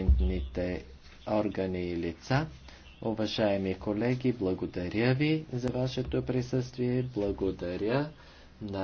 компетентните органи и лица. Уважаеми колеги, благодаря ви за вашето присъствие. Благодаря на